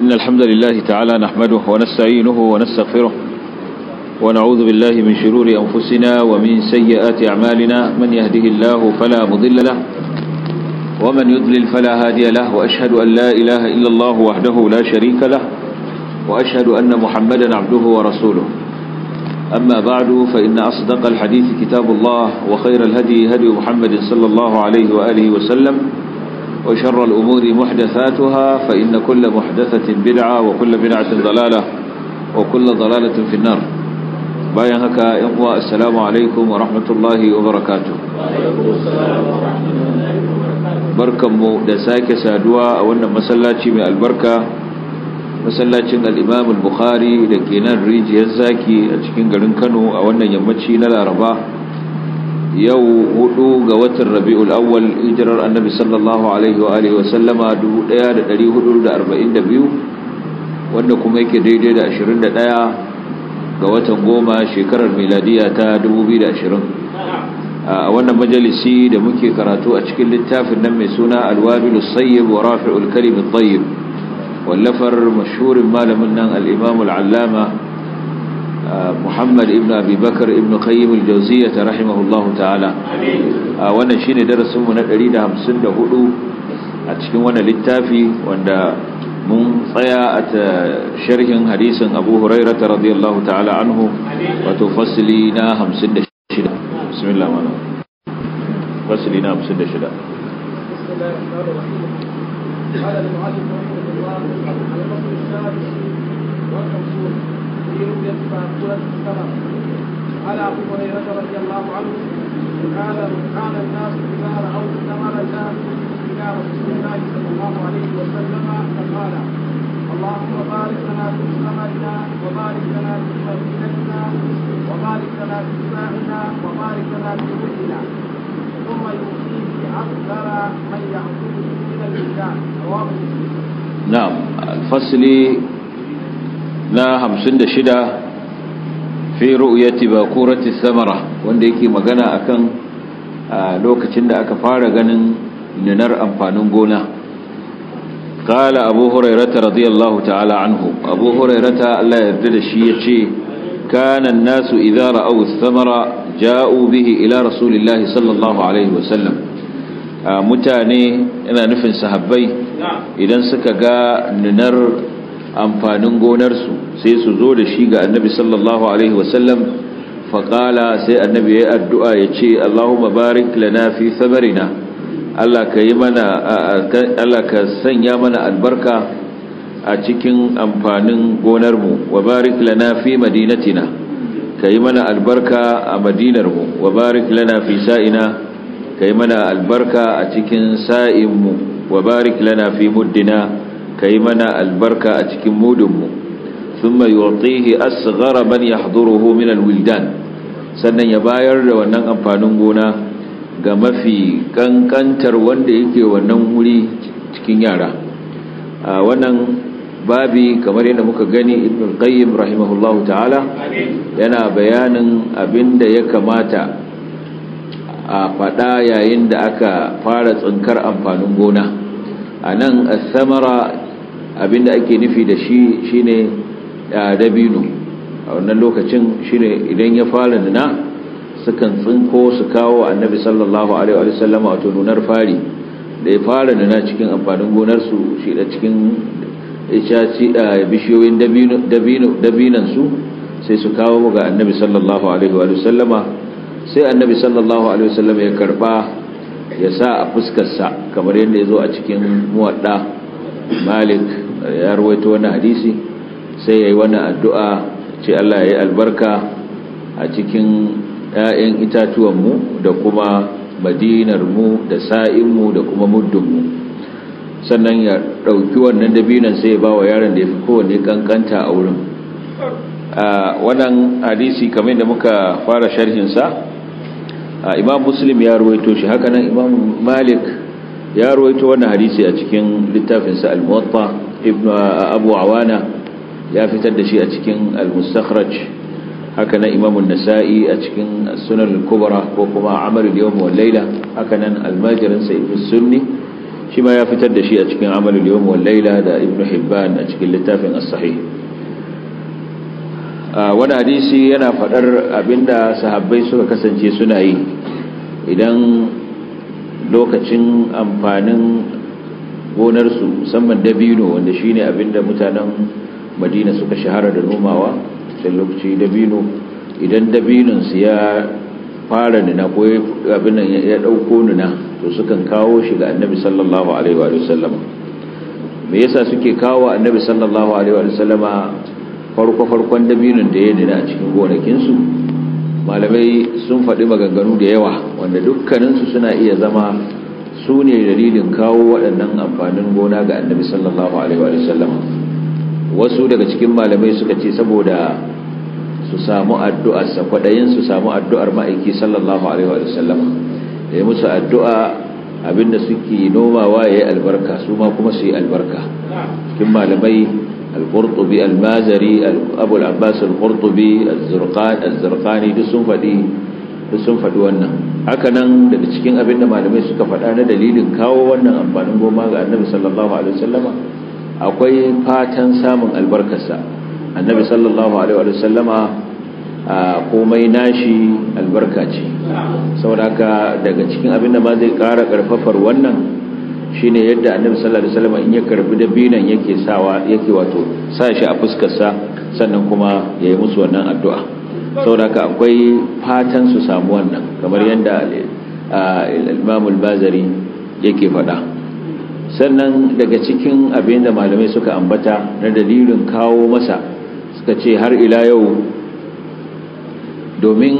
إن الحمد لله تعالى نحمده ونستعينه ونستغفره ونعوذ بالله من شرور أنفسنا ومن سيئات أعمالنا من يهده الله فلا مضل له ومن يضلل فلا هادي له وأشهد أن لا إله إلا الله وحده لا شريك له وأشهد أن محمدا عبده ورسوله أما بعد فإن أصدق الحديث كتاب الله وخير الهدي هدي محمد صلى الله عليه وآله وسلم وآله وسلم وشر الأمور محدثاتها فإن كل محدثة بدعة وكل بدعة ضلالة وكل ضلالة في النار bayan haka yan uwa assalamu alaikum wa rahmatullahi wa barakatuh barkanmu da sake saduwa a wannan masallaci mai albarka masallacin al-Imam al-Bukhari da ke nan rijiyar zaki a cikin garin Kano a wannan yammaci na Laraba yau hudu ga watan rabi'ul awwal hijirar annabi sallallahu alaihi wa alihi wa sallama 1442 wanda kuma yake daidai da 21 ga watan goma shekarar miladiya ta 2020 a wannan majalisi da muke karatu a cikin littafin nan mai suna alwabilus sayyib wa rafi'ul kalim tayyib wallafar mashhurin malamin nan al-imam al-allama Muhammad ibn Abi Bakar ibn Qayyim al-Jawziyyah rahimahullahu ta'ala wannan shine darasin mu na 154 a cikin wannan littafi wanda mun tsaya a sharhin hadisin Abu Huraira radiyallahu ta'ala anhu wato fasli na 56 bismillah mana na 56 سورة القمر أبي هريرة رضي الله عنه قال كان الناس إذا رأوا كما ذهبوا إلى رسول الله صلى الله عليه وسلم فقال اللهم بارك لنا في ثمرنا وبارك لنا في مدينتنا وبارك لنا في سماعنا وبارك لنا في ولدنا ثم يؤتيه أكثر من يأخذه من الإنسان رواه مسلم نعم الفصل na hamsin da fi ru'yati bakurati samara wanda yake magana akan lokacin da aka fara ganin nunar amfanin gona qala abu hurairata radiyallahu ta'ala anhu abu hurairata Allah ya yarda da shi yace kana an-nasu idza ra'aw samara samara ja'u bihi ila rasulillahi sallallahu alaihi wa sallam mutane ina nufin sahabbai idan suka ga nunar amfanin gonarsu sai su zo da shi ga annabi sallallahu alaihi wasallam faƙala sai annabi ya yi addu'a ya ce allahumma barik lana fi samarina allah ka sanya mana albarka a cikin amfanin gonarmu wa barik lana fi madinatina ka yi mana albarka a madinarmu wa barik lana fi sa'ina ka yi mana albarka a cikin sa'inmu wa barik lana fi muddina ka yi mana albarka a cikin mudunmu thumma yu'tihi asghara man yahduruhu min alwildan sannan ya bayar da wannan amfanin gona ga mafi kankantar wanda yake wannan wuri cikin yara a wannan babi kamar yadda muka gani ibn qayyim rahimahullahu ta'ala yana bayanin abinda ya kamata a fada yayin da aka fara tsinkar amfanin gona anan as-samara abinda ake nufi da shi shine dabino a wannan lokacin shine idan ya fara nuna sukan tsinko su kawo annabi sallallahu alaihi wa sallam wato nunar fari da ya fara nuna cikin amfanin gonarsu shi da cikin bishiyoyin dabinansu sai su kawo ga annabi sallallahu alaihi wa sallama sai annabi sallallahu alaihi wa sallama ya karba ya sa a fuskarsa kamar yadda ya zo a cikin muwadda malik ya rawaito wani hadisi sai ya yi wannan addu'a ce Allah ya yi albarka a cikin ‘ya'yan itatuwanmu da kuma madinarmu da sa'inmu da kuma muddinmu sannan ya ɗauki wannan dabinan sai ya ba wa yaron da ya fi kowane ƙanƙanta a wurin wannan hadisi kamar da muka fara sharhinsa imam muslim ya ruwaito shi haka nan imam malik ya ruwaito wannan hadisi a cikin littafinsa al-muwatta ibn abu awana ya fitar da shi a cikin al-mustakhraj haka nan imam an-nasa'i a cikin sunan al-kubra ko kuma amal yawm wal layla haka nan al-majrin sa fi sunni shi ma ya fitar da shi a cikin amal yawm wal layla da ibn hibban a cikin littafin as-sahih wani hadisi yana faɗar abinda sahabbai suka kasance suna yi idan lokacin amfanin gonarsu musamman dabino wanda shine abinda mutanen madina suka shahara da nomawa sai lokaci dabino idan su ya fara nuna ko abin nan ya dauko nuna to sukan kawo shi ga annabi sallallahu alaihi wa sallama me yasa suke kawo annabi sallallahu alaihi wa sallama farko farkon dabinin da ya nuna a cikin gonakinsu? malamai sun faɗi maganganu da yawa wanda dukkaninsu suna iya zama sune dalilin kawo waɗannan amfanin gona ga annabi sallallahu alaihi wa sallama wasu daga cikin malamai suka ce saboda su samu kwadayin su samu addu'ar ma'aiki sallallahu alaihi wa sallam da musu addu'a abinda suke nomawa yayi albarka su ma kuma su yi albarka cikin malamai al-qurtubi al-mazari abu al-abbas al-qurtubi al zurqani duk sun fadi duk sun fadi wannan haka nan daga cikin abinda malamai suka faɗa na dalilin kawo wannan amfanin goma ga annabi sallallahu alaihi wa sallama akwai fatan samun albarkarsa annabi sallallahu alaihi wa sallama komai nashi albarka ce saboda ka daga cikin abin da ma zai ƙara ƙarfafar wannan shine yadda annabi sallallahu alaihi wa sallama in ya karbi dabinan yake sawa yake wato sa shi a fuskarsa sannan kuma yayi musu wannan addu'a saboda ka akwai fatan su samu wannan kamar yadda al-Imam al-Bazari yake faɗa sannan daga cikin abin da malamai suka ambata na dalilin kawo masa suka ce har ila yau domin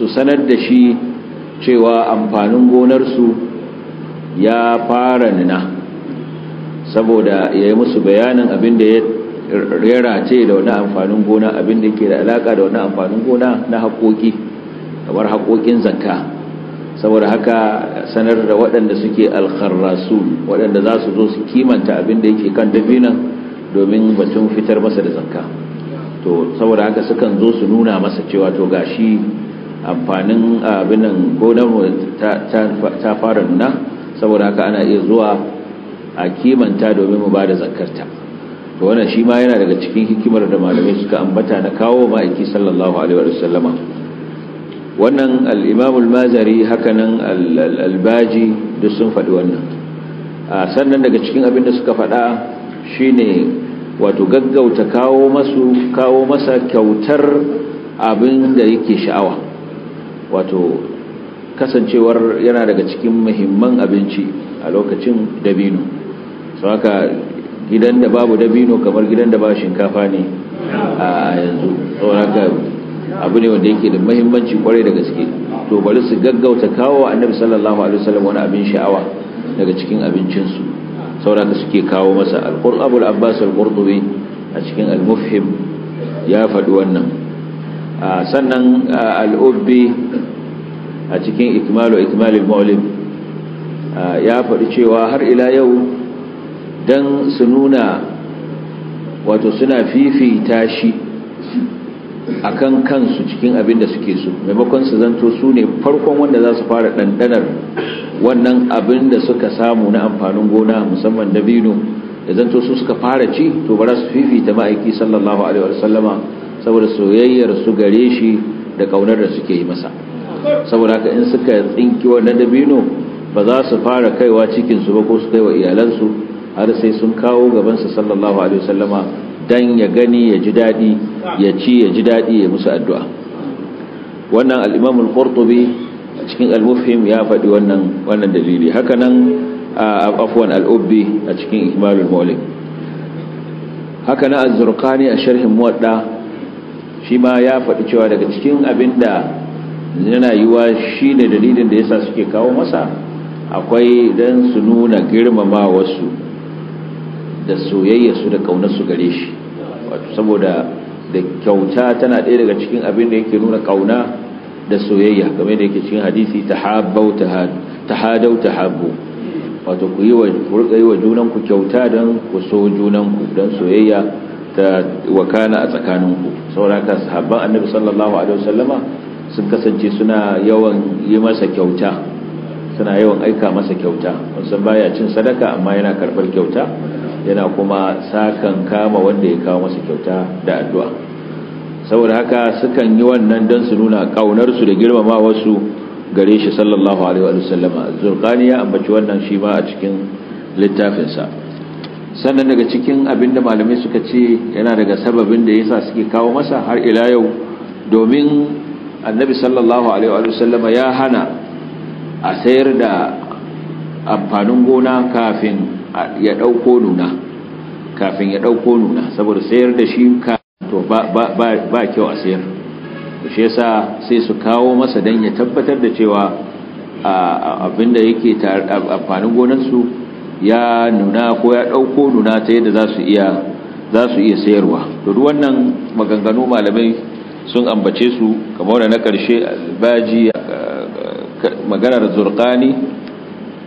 su sanar da shi cewa amfanin gonarsu ya fara nuna saboda ya yi musu bayanin abin da ya rera ce da wani amfanin gona abin da ke da alaka da wani amfanin gona na haƙoƙi kamar haƙoƙin zakka saboda haka sanar da waɗanda suke alkharrasu waɗanda za su zo su kimanta abin da yake kan dabinan domin batun fitar masa da zanka to saboda haka sukan zo su nuna masa cewa to gashi amfanin abin nan ta fara nuna saboda haka ana iya zuwa a kimanta domin mu ba da zakkarta to wannan shi ma yana daga cikin hikimar da malamai suka ambata na kawo ma'aiki sallallahu alaihi wa sallama wannan al'imamul mazari hakanan albaji duk sun faɗi wannan sannan daga cikin abin da suka faɗa shi ne wato gaggauta kawo masu kawo masa kyautar abin da yake sha'awa wato kasancewar yana daga cikin muhimman abinci a lokacin dabino sau haka gidan da babu dabino kamar gidan da ba shinkafa ne a yanzu sau haka abu ne wanda yake da muhimmanci kwarai da gaske to bari su gaggauta kawo wa annabi sallallahu alaihi wasallam wani abin sha'awa daga cikin abincinsu saboda suke kawo masa al-qur'abul abbas al-qurtubi a cikin al-mufhim ya faɗi wannan sannan al-ubbi a cikin ikmalu ikmalil mu'lim ya faɗi cewa har ila yau dan su nuna wato suna fifita shi akan kansu cikin abin da suke so maimakon su zanto su ne farkon wanda za su fara ɗanɗanar wannan abin da suka samu na amfanin gona musamman dabino da zanto su suka fara ci to bara su fifita ma'aiki sallallahu alaihi wasallama saboda soyayyar su gare shi da kaunar da suke yi masa saboda haka in suka tsinki wannan dabino ba za su fara kaiwa cikinsu ba ko su kai wa iyalansu har sai sun kawo gabansa sallallahu alaihi wasallama dan ya gani ya ji daɗi ya ci ya ji daɗi ya musu addu'a wannan al'imam al a cikin al-mufhim ya faɗi wannan wannan dalili haka nan afwan al-ubbi a cikin ihmalul mulim haka nan az-zurqani a sharhin muwadda shi ma ya faɗi cewa daga cikin abinda yana yiwa shine dalilin da yasa suke kawo masa akwai dan su nuna girmama wasu da soyayya su da kaunar su gare shi wato saboda da kyauta tana ɗaya daga cikin abin da yake nuna ƙauna da soyayya game da yake cikin hadisi ta hadau ta habu wato ku yi wa yi wa junan kyauta don ku so junan don soyayya ta wakana a tsakanin ku saboda sahabban annabi sallallahu alaihi wasallama sun kasance suna yawan yi masa kyauta suna yawan aika masa kyauta wasan baya cin sadaka amma yana karɓar kyauta yana kuma sakan kama wanda ya kawo masa kyauta da addu'a saboda haka sukan yi wannan don su nuna ƙaunarsu da girmama wasu gare shi sallallahu alaihi wa sallam. zurkani ya ambaci wannan shi ma a cikin littafinsa sannan daga cikin abin da malamai suka ce yana daga sababin da yasa suke kawo masa har ila yau domin annabi sallallahu alaihi wa sallam, ya hana a sayar da amfanin gona kafin ya ɗauko nuna kafin ya ɗauko nuna saboda sayar da shi to ba kyau a sayar shi yasa sai su kawo masa dan ya tabbatar da cewa abinda yake amfanin gonarsu ya nuna ko ya ɗauko nuna ta yadda za su iya sayarwa to duk wannan maganganu malamai sun ambace su kamar da na ƙarshe baji maganar zurkani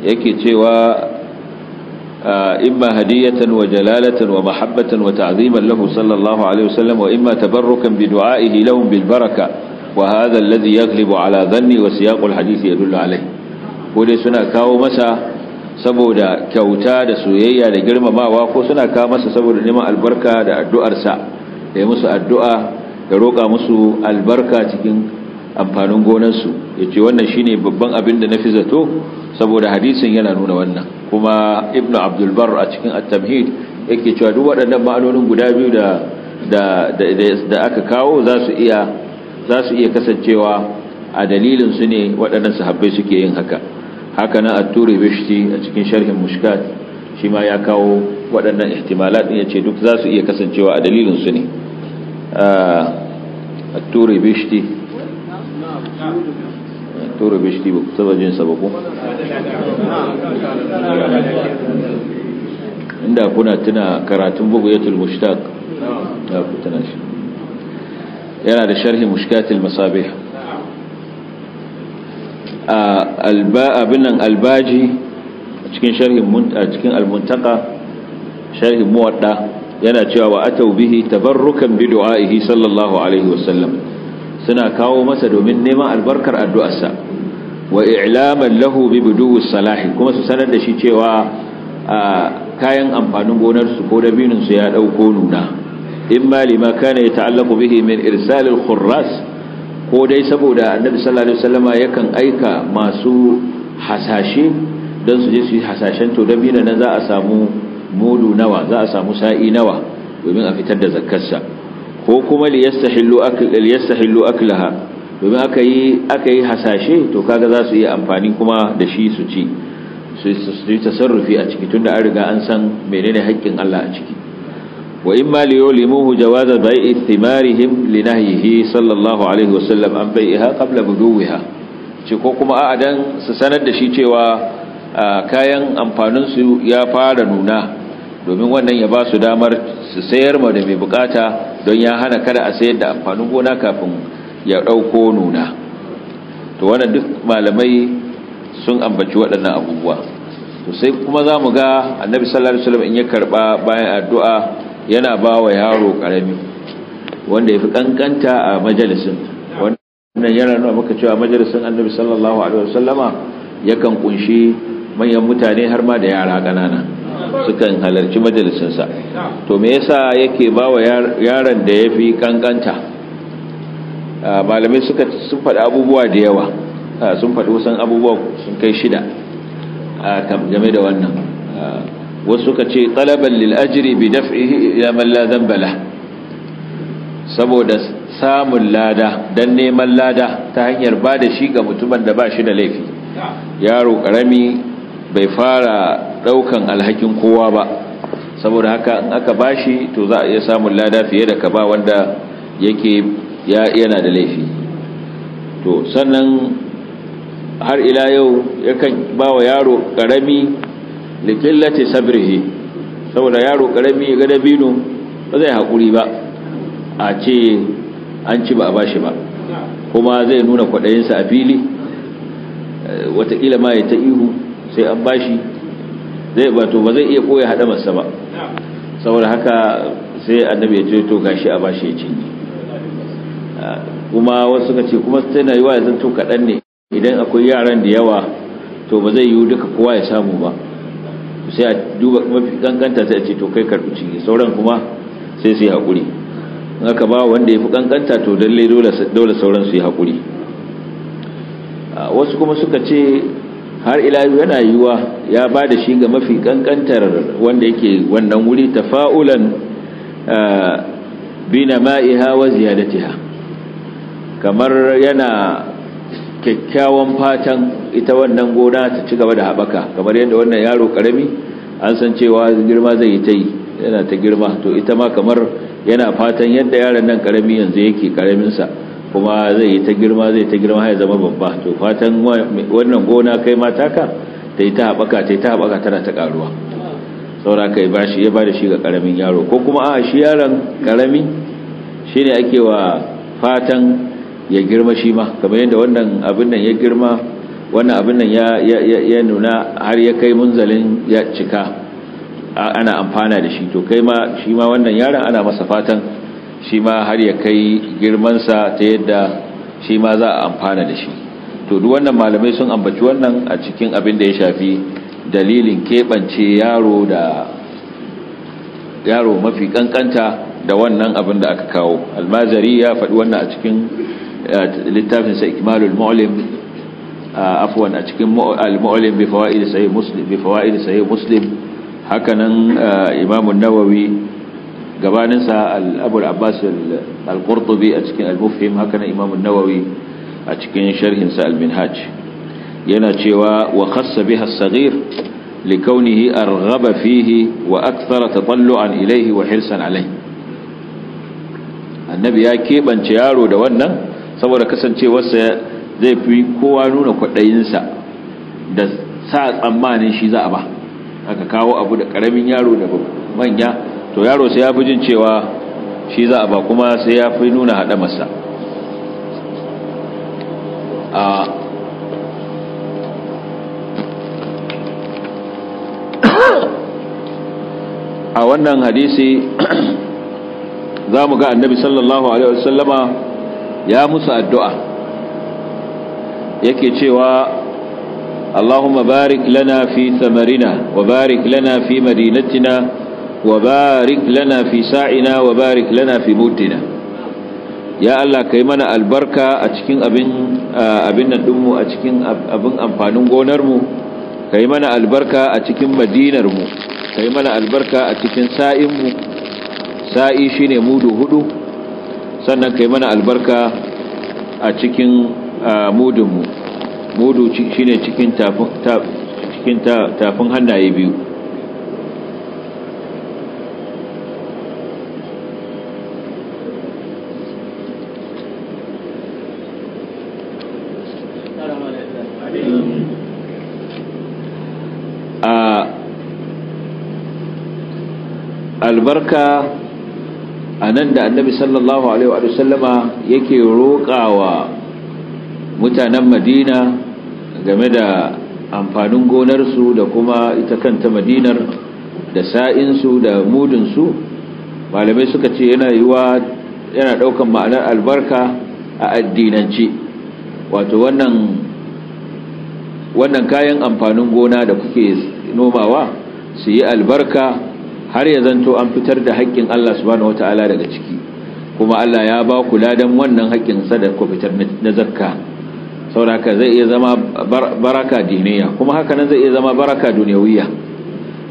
yake cewa إما هدية وجلالة ومحبة وتعظيما له صلى الله عليه وسلم وإما تبركا بدعائه لهم بالبركة وهذا الذي يغلب على ظني وسياق الحديث يدل عليه ودي سنة كاو مسا saboda kyauta da soyayya da girmamawa ko suna kawo masa saboda neman albarka da addu'arsa da musu addu'a da roƙa musu albarka cikin amfanin gonarsu ya ce wannan shine babban abin da na fi zato saboda hadisin yana nuna wannan kuma ibn abdulbar a cikin at-tamhid yake cewa duk waɗannan ma'anonin guda biyu da da da aka kawo za su iya za su iya kasancewa a dalilin su ne waɗannan sahabbai suke yin haka haka nan at-turi bishti a cikin sharhin mushkat shi ma ya kawo waɗannan ihtimalat ɗin yace duk za su iya kasancewa a dalilin su ne ah, at-turi bishti tura bishti ba ku taba tuna karatun bugayatul mushtaq da ku tuna yana da sharhi mushkatil masabih abin nan cikin sharhin a cikin almuntaka sharhin muwadda yana cewa wa atau bihi tabarrukan bi du'a'ihi sallallahu alaihi wasallam suna kawo masa domin neman albarkar addu'arsa wa i'laman lahu bi salahi kuma su sanar da shi cewa kayan amfanin gonarsu ko dabinin su ya ɗauko nuna in ma lima kana yata'allaqu bihi min irsal khurras ko dai saboda annabi sallallahu alaihi yakan aika masu hasashe don su je su yi hasashen to dabina na za a samu mudu nawa za a samu sa'i nawa domin a fitar da zakkarsa ko kuma liyastahillu akl liyastahillu aklaha domin aka yi hasashe to kaga za su yi amfani kuma da shi su ci su yi tasarrufi a ciki tunda an riga an san menene haƙƙin Allah a ciki wa in ma liyulimuhu jawaza bai'i thimarihim linahyihi sallallahu alaihi wasallam an bai'iha qabla buduwiha ce ko kuma a'a dan su sanar da shi cewa kayan amfanin su ya fara nuna domin wannan ya ba su damar su sayar ma da mai bukata don ya hana kada a sayar da amfanin gona kafin ya ɗauko nuna to wannan duk malamai sun ambaci waɗannan abubuwa to sai kuma za mu ga annabi sallallahu alaihi wasallam in ya karba bayan addu'a yana ba wa yaro karami wanda ya fi kankanta a majalisin wannan yana nuna maka cewa majalisin annabi sallallahu alaihi wasallama yakan kunshi manyan mutane har ma da yara ƙanana sukan halarci majalisinsa to me yasa yake ba wa yaron da ya fi kankanta malamai suka sun faɗi abubuwa da yawa sun faɗi wasan abubuwa sun kai shida game da wannan wasu suka ce talaban lil ajri bi daf'ihi ila man la saboda samun lada don neman lada ta hanyar ba da shi ga mutumin da ba shi da laifi yaro karami bai fara daukan alhakin kowa ba saboda haka in aka bashi to za a iya samun lada fiye da ka ba wanda yake yana da laifi to sannan har ila yau yakan ba wa yaro karami likillati sabrihi saboda yaro karami ga dabino ba zai hakuri ba a ce an ci ba a bashi ba kuma zai nuna kwaɗayinsa a fili eh, watakila ma ya ta ihu sai an bashi zai ba to ba zai iya koya hada masa ba saboda haka sai annabi ya ce to gashi a bashi ya cinye kuma wasu suka ce kuma sai na wa zan to kaɗan ne idan akwai yaran da yawa to ba zai yiwu duka kowa ya samu ba sai a duba mafi kankanta sai a ce to kai karɓi cinye sauran kuma sai su yi haƙuri in aka ba wanda ya fi kankanta to lallai dole sauran su yi haƙuri wasu kuma suka ce har ila yana yiwa ya ba da shi ga mafi kankantar wanda yake wannan wuri tafa'ulan bina ma'iha wa ziyadatiha kamar yana kyakkyawan fatan ita wannan gona ta ci gaba da haɓaka kamar yadda wannan yaro ƙarami an san cewa girma zai yi ta yi yana ta girma to ita ma kamar yana fatan yadda yaron nan ƙarami yanzu yake ƙaraminsa kuma zai yi ta girma zai ta girma ya zama babba to fatan wannan gona kai ma taka ta yi ta haɓaka ta yi ta haɓaka tana ta ƙaruwa saura kai ba shi ya ba da shi ga ƙaramin yaro ko kuma a shi yaron ƙarami shi ne ake wa fatan ya girma shi ma kamar yadda wannan abin nan ya girma wannan abin nan ya nuna har ya kai munzalin ya cika ana amfana da shi to kai ma shi ma wannan yaron ana masa fatan shi ma har ya kai girmansa ta yadda shi ma za a amfana da shi to duk wannan malamai sun ambaci wannan a cikin abin da ya shafi dalilin keɓance yaro da yaro mafi kankanta da wannan abin da aka kawo almazari ya faɗi wannan a cikin littafinsa ikmalul mu'lim afwan a cikin al-mu'lim bi fawaid sahih muslim bi fawaid muslim hakanan imamun nawawi gabaninsa al'abul abbas al-qurtubi a cikin al-mufhim haka na imamun nawawi a cikin sharhinsa al-minhaj yana cewa wa khassa biha as-saghir likaunihi arghaba fihi wa akthara tatallu'an ilayhi wa hirsan alayhi annabi ya kebance yaro da wannan saboda kasancewarsa zai fi kowa nuna kwadayinsa da sa tsammanin shi za a ba aka kawo abu da karamin yaro da manya to yaro sai ya fi jin cewa shi za a ba kuma sai ya fi nuna haɗa masa a a wannan hadisi za mu ga annabi sallallahu alaihi wasallama ya musu addu'a yake cewa Allahumma barik lana fi samarina wa barik lana fi madinatina وبارك لنا في ساعنا وبارك لنا في موتنا يا الله kai mana albarka a cikin abin abin nan dinmu a cikin abin amfanin gonar mu kai mana albarka a cikin madinar mu kai mana albarka a cikin sa'in mu sa'i shine mudu hudu sannan kai mana albarka a cikin mudun mu mudu shine cikin tafin tafin hannaye biyu albarka a nan da annabi sallallahu alaihi wa sallama yake roƙawa mutanen madina game da amfanin gonarsu da kuma ita kanta madinar da sa'insu da mudinsu malamai suka ce yana yiwa yana ɗaukan ma'anar albarka a addinance wato wannan wannan kayan amfanin gona da kuke nomawa su yi albarka har ya zanto an fitar da haƙƙin Allah subhanahu wataala daga ciki kuma Allah ya ba ku ladan wannan haƙƙin sa da ku fitar na zakka sauraka zai iya zama baraka duniya, kuma haka nan zai iya zama baraka duniyawiya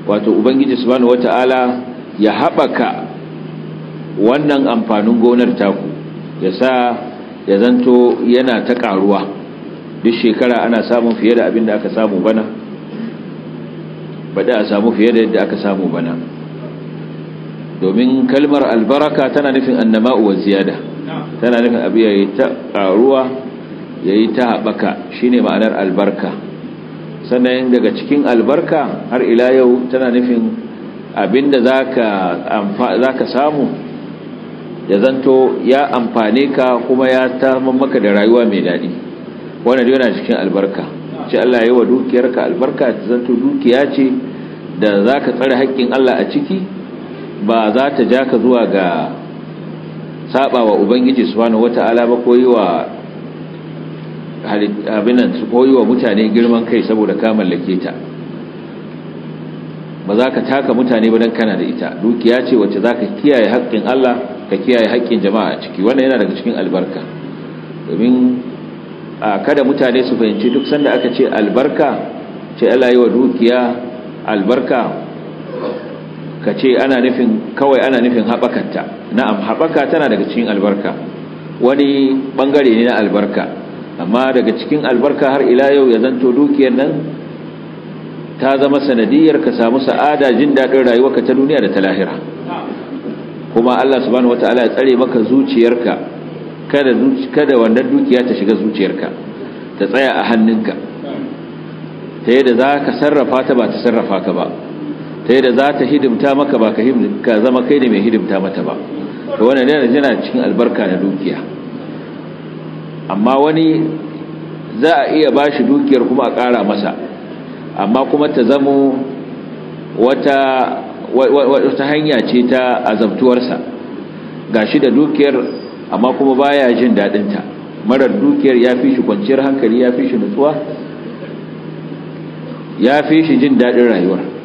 wato ubangiji subhanahu wataala ya haɓaka wannan amfanin gonar taku ya sa ya zanto yana ta ƙaruwa duk shekara ana samun fiye da abin da aka samu bana ba da a samu fiye da yadda aka samu bana domin kalmar albaraka tana nufin annama wa ziyada tana nufin abu ya yi ta ƙaruwa ya yi ta haɓaka shi ne ma'anar albarka sannan daga cikin albarka har ila yau tana nufin abinda za ka samu ya zanto ya amfane ka kuma ya ta maka da rayuwa mai daɗi wanda yana cikin albarka ce Allah yi wa dukiyarka albarka ta zanto dukiya ce da za ka tsare haƙƙin Allah a ciki ba za ta ja ka zuwa ga saba wa ubangiji subhanahu wata'ala ba koyi wa abinan su koyi wa mutane girman kai saboda ka mallake ta ba za ka taka mutane ba don kana da ita dukiya ce wacce za ka kiyaye haƙƙin Allah ka kiyaye haƙƙin jama'a ciki wannan yana daga cikin albarka domin a kada mutane su fahimci duk sanda aka ce albarka ce Allah yi wa dukiya albarka ka ce ana nufin kawai ana nufin haɓakanta na'am haɓaka tana daga cikin albarka wani ɓangare ne na albarka amma daga cikin albarka har ila yau ya zanto dukiyar nan ta zama sanadiyar ka samu sa'ada jin daɗin rayuwar ka ta duniya da ta lahira kuma Allah subhanahu wataala ya tsare maka zuciyarka kada kada wannan dukiya ta shiga zuciyarka ta tsaya a hannunka ta yadda za ka sarrafa ta ba ta sarrafa ka ba ta da za ta hidimta maka ba ka zama kai ne mai hidimta mata ba wani ne yana cikin albarka da dukiya amma wani za a iya ba shi dukiyar kuma a ƙara masa amma kuma ta zamo wata wata hanya ce ta azabtuwarsa ga shi da dukiyar amma kuma baya jin daɗinta marar dukiyar ya fi shi kwanciyar hankali ya fi shi nutsuwa ya fi shi jin daɗin rayuwar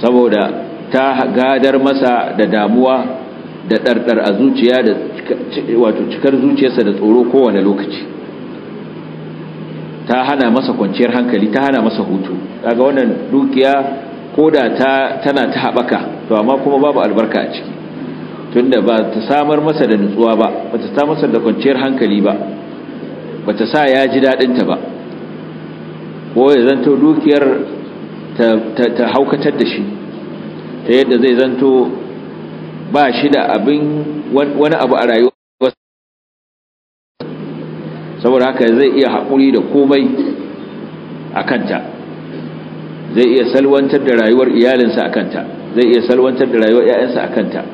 saboda ta gadar masa da damuwa da ɗarɗar a zuciya da wato cikar zuciyarsa da tsoro kowane lokaci ta hana masa kwanciyar hankali ta hana masa hutu daga wannan dukiya koda ta tana ta haɓaka to amma kuma babu albarka a ciki tunda ba ta samar masa da nutsuwa ba ba ta samar masa da kwanciyar hankali ba ba ta sa ya ji daɗinta ba ko ya zanto dukiyar ta haukatar da shi ta yadda zai zanto ba shi da abin wani abu a rayuwa saboda haka zai iya haƙuri da komai a kanta zai iya salwantar da rayuwar iyalinsa a kanta zai iya salwantar da rayuwar 'ya'yansa a kanta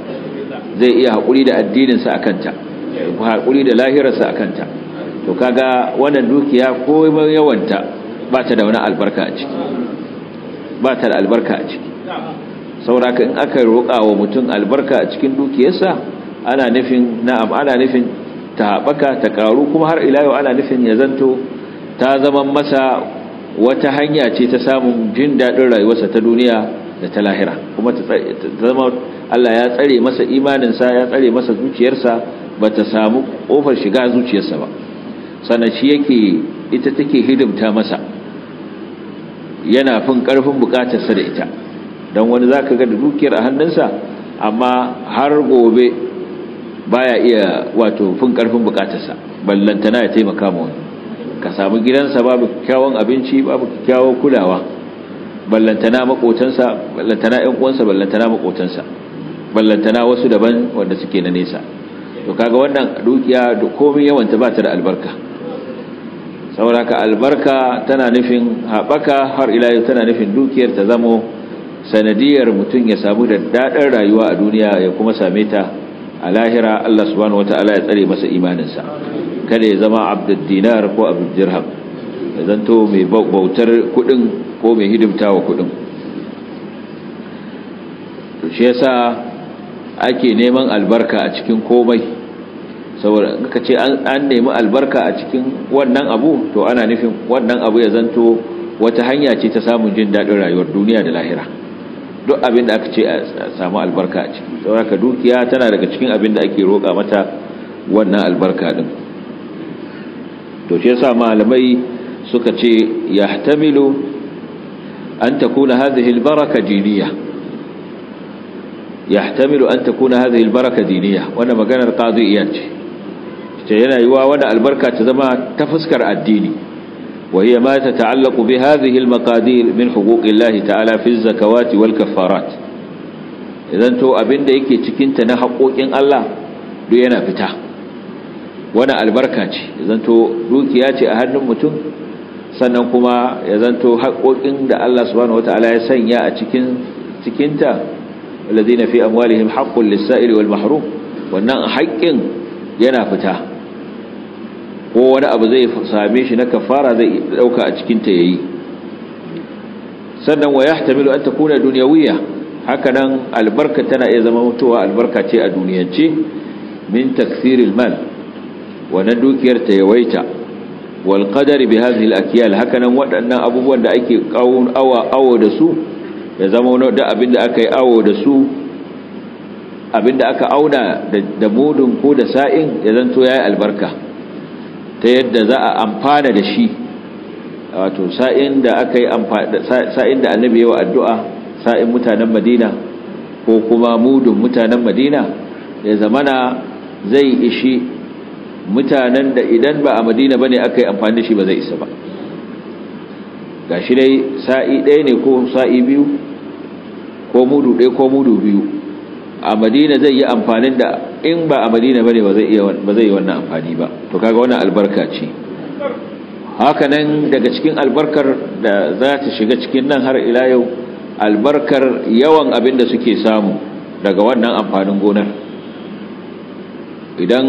zai iya haƙuri da addininsa a kanta haƙuri da lahirarsa a kanta to kaga wannan dukiya ko yawanta ba ta da wani albarka a ciki ba ta da albarka a ciki sauraka in aka roƙa wa mutum albarka a cikin dukiyarsa ana nufin na'am ana nufin ta haɓaka ta ƙaru kuma har ila yau ana nufin ya zanto ta zama masa wata hanya ce ta samun jin daɗin rayuwarsa ta duniya da ta lahira kuma ta zama Allah ya tsare masa imaninsa ya tsare masa zuciyarsa ba ta samu ƙofar shiga zuciyarsa ba sannan shi yake ita take hidimta masa yana fin karfin buƙatarsa da ita don wani za ka ga da dukiyar a hannunsa amma har gobe baya iya wato fin karfin bukatarsa ballantana ya taimaka ma wani ka samu gidansa babu kyawun abinci babu kyawun kulawa ballantana makotansa ballantana ƴan uwansa ballantana makotansa ballantana wasu daban wanda suke na nesa to kaga wannan dukiya da komai yawanta ba ta da albarka ka albarka tana nufin haɓaka har ila yau tana nufin dukiyar ta zamo sanadiyar mutum ya samu da daɗin rayuwa a duniya ya kuma same ta a lahira Allah subhanahu wata'ala ya tsare masa imaninsa kada ya zama abdul dinar ko abdul dirham ya zanto mai bautar kuɗin ko mai hidimta wa kuɗin to shi yasa ake neman albarka a cikin komai saboda in ka ce an nemi albarka a cikin wannan abu to ana nufin wannan abu ya zanto wata hanya ce ta samun jin daɗin rayuwar duniya da lahira duk abin da aka ce a samu albarka a ciki saboda dukiya tana daga cikin abin da ake roƙa mata wannan albarka din to shi yasa malamai suka ce yahtamilu an takuna hadhihi albaraka diniya yahtamilu an takuna hadhihi albaraka diniya wannan maganar qadiyyah ce ce yana yiwa wani albarka ta zama ta fuskar addini wa ya mata ta'allaku bi hadhihi al-maqadir min huquqillahi ta'ala fi zakawati wal kaffarat idan to abinda yake cikinta na haƙoƙin Allah duk yana fita wani albarka ce idan to dukiya ce a hannun mutum sannan kuma ya zanto haƙoƙin da Allah subhanahu wata'ala ya sanya a cikin cikinta alladhina fi amwalihim haqqul lis wal mahrum wannan haƙƙin yana fita ko wani abu zai same shi na kafara zai dauka a cikin ta yayi sannan wa yahtamilu an takuna dunyawiyya hakanan albarka tana iya zama mutuwa albarka ce a duniyance min taksiril mal wannan dukiyar ta yawaita wal qadar bi hadhihi al akyal hakanan waɗannan abubuwan da ake kawun awa awo da su ya zama wani da da aka yi awo da su da aka auna da mudun ko da sa'in ya zanto yayi albarka ta yadda za a amfana da shi wato sa'in da aka yi sa'in da annabi yawa addu'a sa'in mutanen madina ko kuma mudun mutanen madina ya zamana zai ishi mutanen da idan ba a madina ba ne aka yi amfani da shi ba zai isa ba ga shi dai sa'i ɗaya ne ko sa'i biyu ko mudu ɗaya ko mudu biyu a madina zai yi amfanin da in ba a madina bane ba zai yi wannan amfani ba to kaga wannan albarka ce hakanan daga cikin albarkar da za ta shiga cikin nan har ila yau albarkar yawan abin da suke samu daga wannan amfanin gonar idan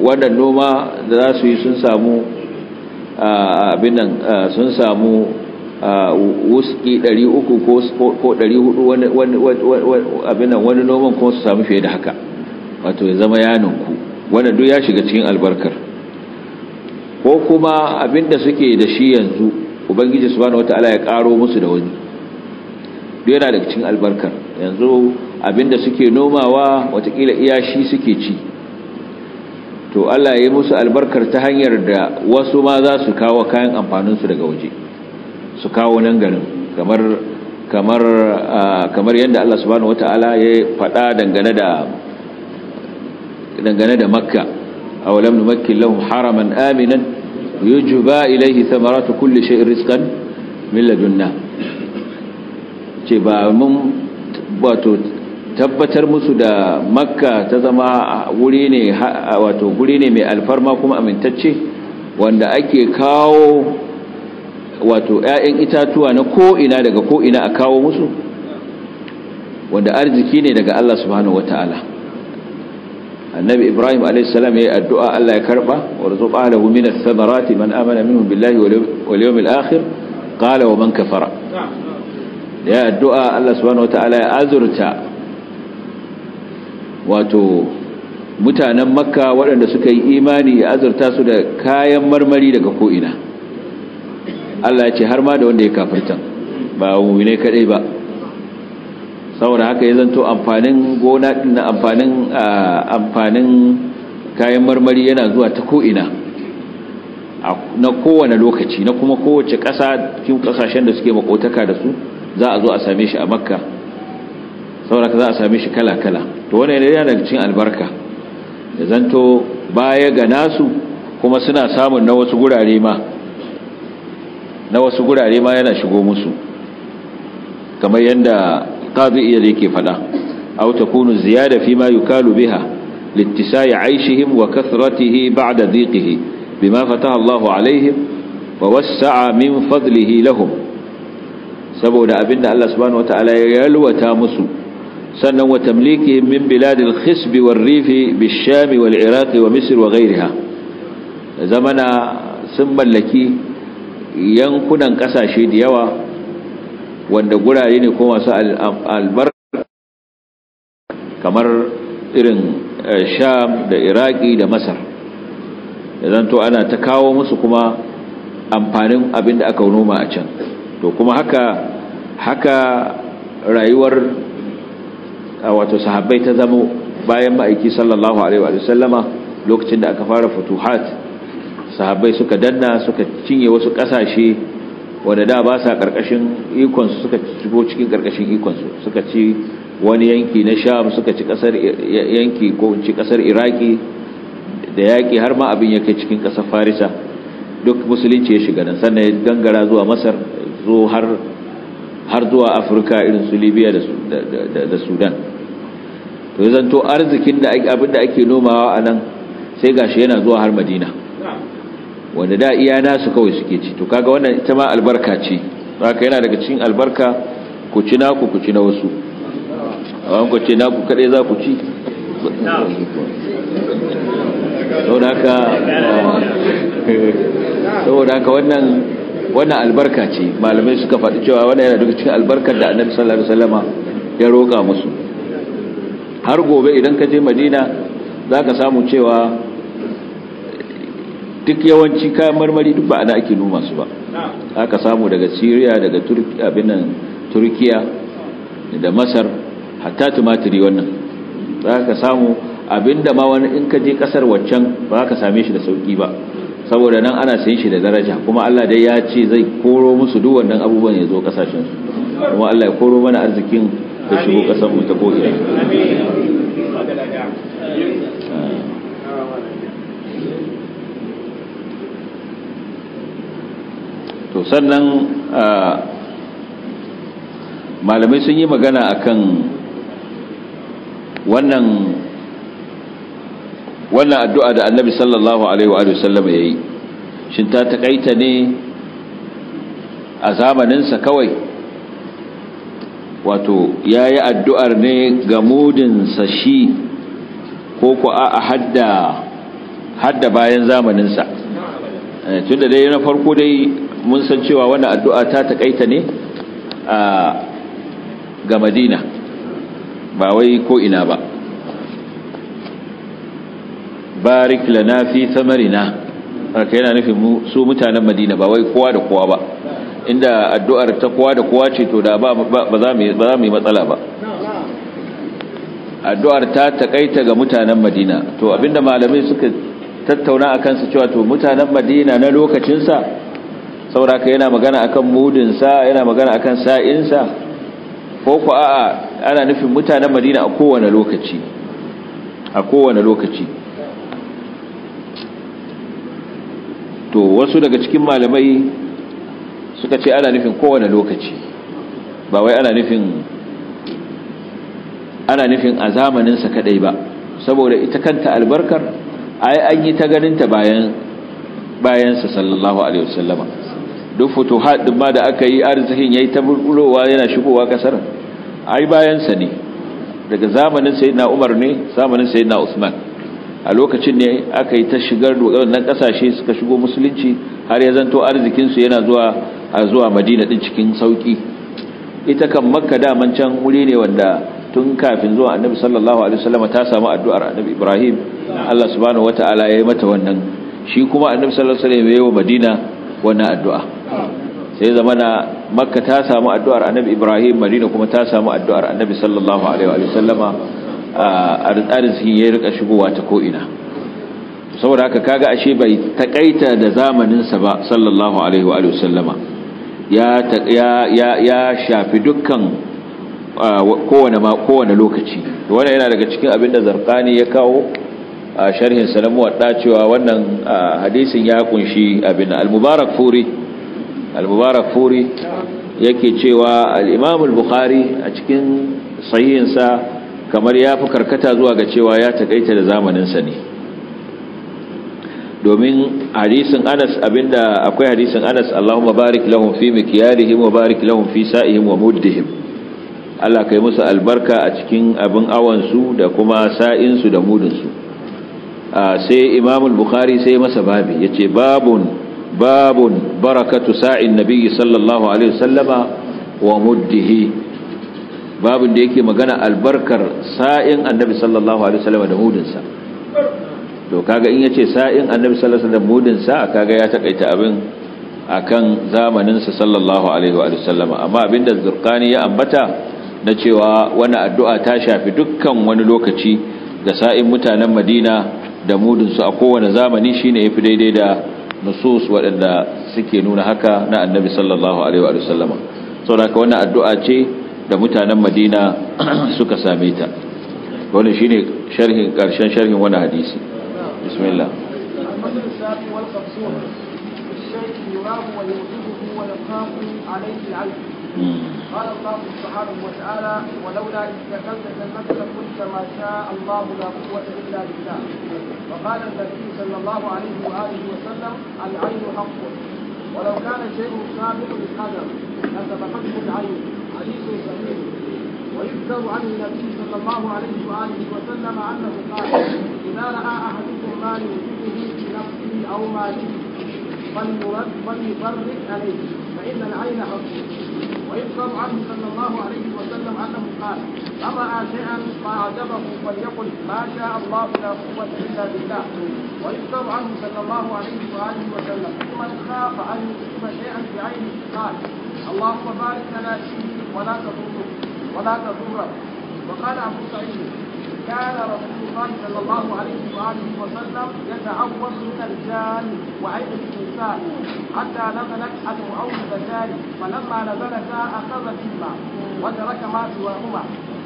wannan noma da za su yi sun samu abin nan sun samu wuski 300 ko 400 abinan wani noman kuma su samu fiye da haka wato ya zama yaninku wanda duk ya shiga cikin albarkar ko kuma abinda suke da shi yanzu ubangiji subhanahu wataala ya karo musu da wani duk yana daga cikin albarkar yanzu abinda suke nomawa watakila iya shi suke ci to Allah ya yi musu albarkar ta hanyar da wasu ma za su kawo kayan amfaninsu daga waje su kawo nan garin kamar kamar kamar yadda Allah subhanahu wataala ya faɗa dangane da dangane da makka aw lam numakkil lahum haraman aminan yujba ilayhi thamaratu kulli shay'in rizqan min ladunna ce ba mun wato tabbatar musu da makka ta zama wuri ne wato guri ne mai alfarma kuma amintacce wanda ake kawo wato ‘ya'yan itatuwa na ko'ina daga ko'ina a kawo musu wanda arziki ne daga Allah subhanahu wata'ala annabi ibrahim a.s. ya yi addu'a Allah ya karɓa wa rizuɓa alahu minas samarati man amana minhum billahi wal al akhir qala wa man kafara ya addu'a Allah subhanahu wata'ala ya azurta wato mutanen makka waɗanda suka yi imani ya azurta su da kayan marmari daga ko'ina Allah ya ce har ma da wanda ya kafirta ba ne kadai ba saboda haka ya zanto amfanin gona din amfanin amfanin kayan marmari yana zuwa ta ko'ina na kowane lokaci na kuma kowace ƙasa cikin ƙasashen da suke makotaka da su za a zo a same shi a makka saboda za a same shi kala-kala to wannan yana daga cikin albarka Ya zanto baya ga nasu kuma suna samun na wasu gurare ma na wasu gurare ma yana shigo musu kamar yadda qadi da yake fada Auta kunu ziyada fi ma yukalu biha littisai aishihim wa kasratihi ba'da dhiqihi bima fataha Allahu alaihim wa wassa'a min fadlihi lahum saboda abinda Allah subhanahu wataala ya yalwata musu sannan wa tamlikihim min biladil khisbi war rifi bish-sham wal iraq wa misr wa ghayriha zamana sun mallaki yankunan kasashe da yawa wanda gurare ne ko masu albarka kamar irin eh, sham da iraki da masar idan to ana ta kawo musu kuma amfanin abin da aka noma a can to kuma haka haka rayuwar wato sahabbai ta zamo bayan ma'aiki sallallahu alaihi wa sallama lokacin da aka fara futuhat sahabbai suka danna suka cinye wasu kasashe wanda da ba sa karkashin ikon su suka shigo cikin karkashin ikon su suka ci wani yanki na sham suka ci kasar yanki ko ci kasar iraki da yaki har ma abin yake cikin kasar farisa duk musulunci ya shiga nan sannan ya gangara zuwa masar zo har har zuwa afirka irin su libya da sudan to zanto arzikin da abin da ake nomawa a nan sai gashi yana zuwa har madina wanda da iya nasu kawai suke ci to kaga wannan ita ma albarka ce haka yana daga cikin albarka ku ci naku ku ci na wasu an ku ce naku kadai za ku ci saboda haka saboda haka wannan wannan albarka ce malamai suka faɗi cewa wannan yana daga cikin albarkar da annabi sallallahu alaihi wasallama ya roƙa musu har gobe idan ka je madina zaka samu cewa duk yawanci kayan marmari duk ba ana ake noma su ba aka samu daga Syria daga Turkiya Turkiya da Masar hatta tumatiri wannan ka samu abinda ma wani in ka je kasar waccan ba ka same shi da sauki ba saboda nan ana sayin shi da daraja kuma Allah dai ya ce zai koro musu duk wannan abubuwan ya zo kasashen su kuma Allah ya koro mana arzikin da shigo kasar mu ta ko'ina to sannan malamai sun yi magana akan wannan wannan addu'a da annabi sallallahu alaihi wa sallam ya yi shin ta taƙaita ne a zamaninsa kawai wato ya yi addu'ar ne ga mudinsa shi ko kua a hadda bayan zamaninsa eh, tun da dai na farko dai mun san cewa wannan addu'a ta takaita ne a ga madina ba wai ko ina ba barik lana fi samarina haka yana nufin su mutanen madina ba wai kowa da kowa ba inda addu'ar ta kowa da kowa ce to da ba za mu yi matsala ba addu'ar ta takaita ga mutanen madina to abinda malamai suka tattauna a kansa cewa to mutanen madina na lokacinsa sauraka yana magana akan mudinsa yana magana akan sa'insa ko ku a'a ana nufin mutanen madina a kowane lokaci a kowane lokaci to wasu daga cikin malamai suka ce ana nufin kowane lokaci ba wai ana nufin ana nufin a zamaninsa kadai ba saboda ita kanta albarkar ai an yi ta ganinta bayan bayansa sallallahu alaihi wasallama duk futuhat din ma da aka yi arzikin yayi ta burbulowa yana shigowa kasar ai bayan sa ne daga zamanin sayyidina Umar ne zamanin sayyidina Usman a lokacin ne aka yi ta shigar wannan kasashe suka shigo musulunci har ya zanto arzikin su yana zuwa a zuwa Madina din cikin sauki ita kan Makka daman can wuri ne wanda tun kafin zuwa Annabi sallallahu alaihi wasallam ta samu addu'ar Annabi Ibrahim Allah subhanahu wataala ya yi mata wannan shi kuma Annabi sallallahu alaihi wasallam ya yi wa Madina wannan addu'a sai zama na makka ta samu addu'ar annabi ibrahim madina kuma ta samu addu'ar annabi sallallahu alaihi ya rika shigowa ta ko'ina saboda haka kaga ashe bai takaita da zamaninsa ba sallallahu alaihi sallama ya shafi dukkan kowane lokaci wannan yana daga cikin abin da zarkani ya kawo a sharhin salamu ta cewa wannan hadisin ya kunshi abin al-mubarak furi al-mubarak furi yake cewa al-imam al-bukhari a cikin sahihinsa kamar ya fi karkata zuwa ga cewa ya takaita da zamanin sa ne domin hadisin anas abinda akwai hadisin anas allahumma barik lahum fi mikyalihim wa barik lahum fi sa'ihim wa muddihim Allah kai musu albarka a cikin abin su da kuma sa'insu da mudinsu sai imamul bukhari sai masa babi ya babun باب بركة ساع النبي صلى الله عليه وسلم ومده باب da yake magana albarkar sa'in annabi da mudinsa to kaga in yace sa'in annabi da mudinsa kaga ya takaita abin akan zamanin sa sallallahu alaihi wa sallam amma abinda zurqani ya ambata na cewa wani addu'a ta shafi dukkan wani lokaci ga sa'in mutanen Madina da mudinsu a kowane zamani shine fi daidai da nusus waɗanda suke nuna haka na annabi sallallahu alaihi wa sallama sau da wannan addu'a ce da mutanen madina suka same ta wani shi ne sharhin ƙarshen sharhin wani hadisi bismillah عليه العلم قال الله سبحانه وتعالى ولولا إذ دخلت جنتك قلت ما شاء الله لا قوة إلا بالله وقال النبي صلى الله عليه وآله وسلم العين حق ولو كان شيء سابق للقدر لسبقته العين حديث سليم ويذكر عن النبي صلى الله عليه وآله وسلم أنه قال إذا رأى أحدكم ما يوجده بنفسه أو ماله فليفرق عليه فإن العين حق ويذكر عنه صلى الله عليه وسلم أنه قال من رأى شيئا فأعجبه فليقل ما شاء الله لا قوة إلا بالله ويذكر عنه صلى الله عليه وآله وسلم ومن خاف أن يصيب شيئا بعينه قال اللهم بارك لنا فيه ولا تضره ولا تضره وقال أبو سعيد كان رسول الله صلى الله عليه واله وسلم يتعوذ من الجان وعين الانسان حتى نزلت المعوذ ذلك فلما نزلت اخذ بهما وترك ما سواهما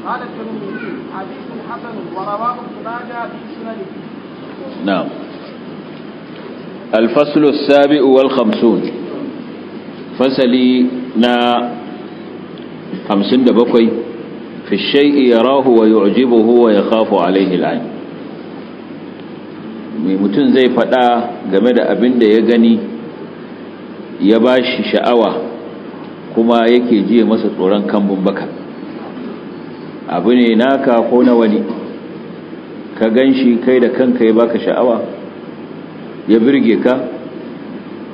قال الترمذي حديث حسن ورواه ابن في سننه. نعم. الفصل السابع والخمسون فصلي نا خمسين 57 fi shay'i yarahu wa huwa ya yakhafu al'ayn mai mutum zai faɗa game da abin da ya gani ya ba shi sha'awa kuma yake jiye masa tsoron kambun baka abu ne naka ko na wani ka gan shi kai da kanka ya baka sha'awa ya birge ka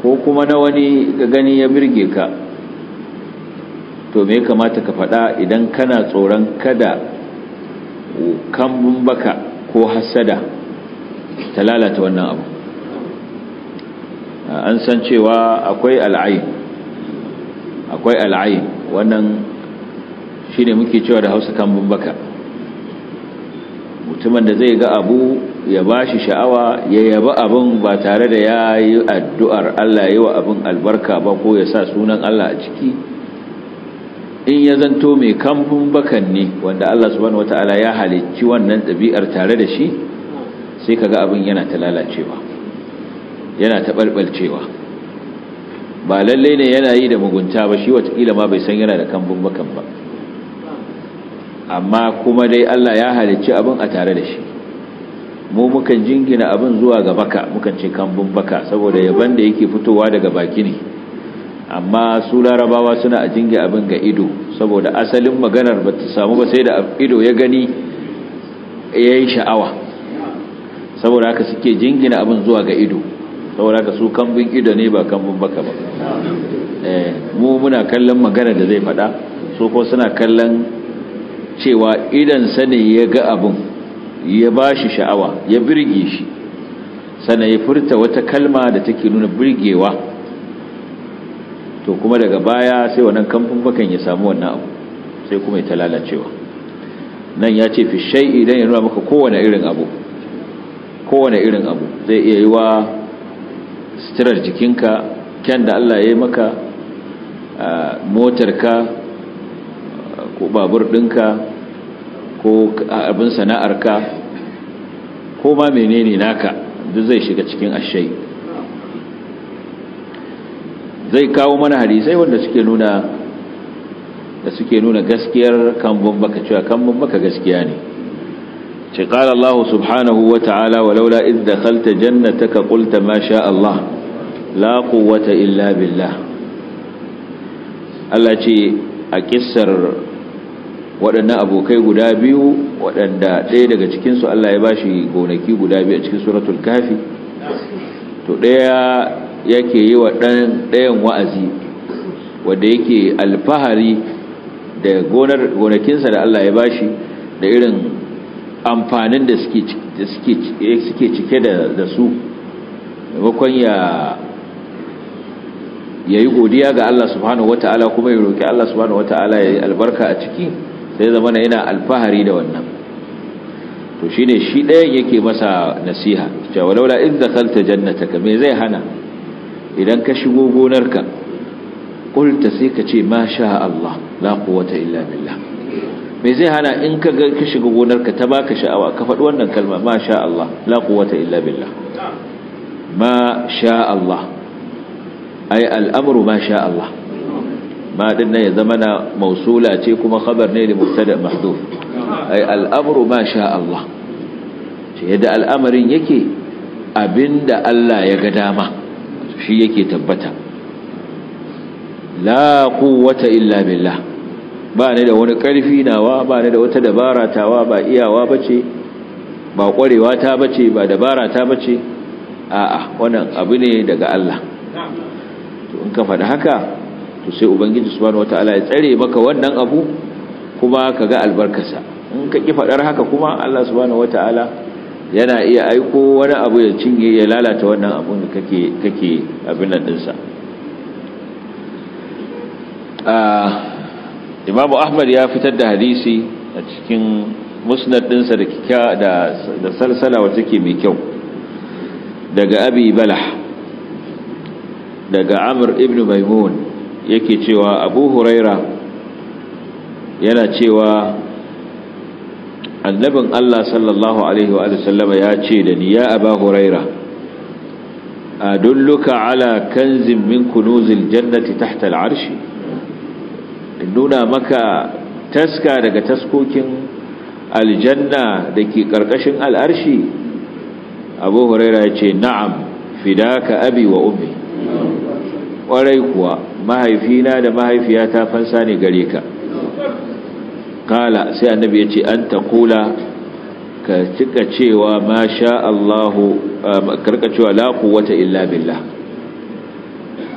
ko kuma na wani ga gani ya birge ka to me kamata ka faɗa idan kana tsoron kada kambun baka ko hasada ta lalata wannan abu ah, an san cewa akwai al'ayin akwai al'ayin wannan shi ne muke cewa da hausa kambun baka mutumin da zai ga abu ya ba shi sha'awa ya yaba abin ba tare da ya yi addu'ar Allah ya yi wa abin albarka ba ko ya sa sunan Allah a ciki in ya zanto mai kamfin bakan ne wanda Allah subhanahu wata'ala ya halicci wannan ɗabi'ar tare da shi sai kaga abin yana ta lalacewa yana ta balbalcewa ba lalle ne yana yi da mugunta ba shi watakila ma bai san yana da kambun bakan ba amma kuma dai Allah ya halicci abin a tare da shi mu mukan jingina abin zuwa ga baka mukan ce kambun baka saboda yaban da yake fitowa daga baki ne amma su larabawa suna a jinge abin ga ido saboda asalin maganar ba ta samu ba sai da ido ya gani ya yi sha'awa saboda haka suke jingina abin zuwa ga ido saboda haka su kambin ido ne ba kambin baka ba eh, mu muna kallon maganar da zai faɗa su ko suna kallon cewa idon sani ya ga abin ya ba shi sha'awa ya birge shi sannan ya furta wata kalma da take nuna birgewa to kuma daga baya sai wannan kamfin bakan ya samu wannan abu sai kuma ya ta lalacewa nan ya ce fi shai idan ya nuna maka kowane irin abu kowane irin abu zai iya yi wa sitirar jikinka kyan da Allah ya yi maka motarka ko babur ɗinka ko abin sana'arka ko ma menene naka duk zai shiga cikin ashai zai kawo mana hadisai wanda suke nuna da suke nuna gaskiyar kan baka cewa kan baka gaskiya ne ce qala Allah subhanahu wa ta'ala walaula id dakhalta jannataka qulta ma sha Allah la quwwata illa billah Allah ce a kissar waɗannan abokai guda biyu waɗanda ɗaya daga cikinsu Allah ya bashi gonaki guda biyu a cikin suratul kafi to ɗaya yake yi wa ɗayan wa'azi wanda yake alfahari da gonakinsa da Allah ya bashi da irin amfanin da suke eh, cike da su maimakon ya yi godiya ga Allah subhanahu wata'ala kuma ya roƙi Allah subhanahu wata'ala ya yi albarka a ciki sai zama na yana alfahari da wannan to shi ne shi ɗayan yake masa nasiha cewa laula in jannata jannataka me zai hana idan ka shigo gonarka kulta sai ka ce ma sha Allah la quwwata illa billah me zai hana in ka ga ka shiga gonarka ta baka sha'awa ka faɗi wannan kalma ma sha Allah la quwwata illa billah ma sha Allah ai al'amuru ma sha Allah ma din ya zama na mausula ce kuma khabar ne da mubtada mahdhuf ai al'amru ma sha Allah yadda al'amarin yake abinda Allah ya ga dama shi yake tabbata la quwwata illa billah ba ne da wani karfi nawa ba ne da wata dabara tawa ba iyawa bace ba kwarewa ta bace ba dabara ta bace a'a wannan abu ne daga Allah to in ka faɗa haka to sai ubangiji subhanahu wataala ya tsare maka wannan abu kuma ka ga albarkarsa in ka ki faɗar haka kuma Allah subhanahu wataala yana iya aiko wani abu ya cinye ya lalata wannan abun da kake kake abin nan dinsa ah, imamu ahmad ya fitar da hadisi a cikin musnad dinsa da kika da da salsala wacce ke mai kyau daga abi balah daga amr ibn maimun yake cewa abu huraira yana cewa annabin Allah sallallahu alaihi wa ya ce da ni ya aba huraira adulluka ala kanzin min kunuzil jannati tahta al'arshi nuna maka taska daga taskokin aljanna da ke ƙarƙashin al'arshi abu huraira ya ce na'am fidaka abi wa ummi ƙwarai kuwa mahaifina da mahaifiyata fansa ne gare ka kala sai annabi ya ce an ta kula ka cika cewa ma sha Allahu karka um, cewa la quwwata illa billah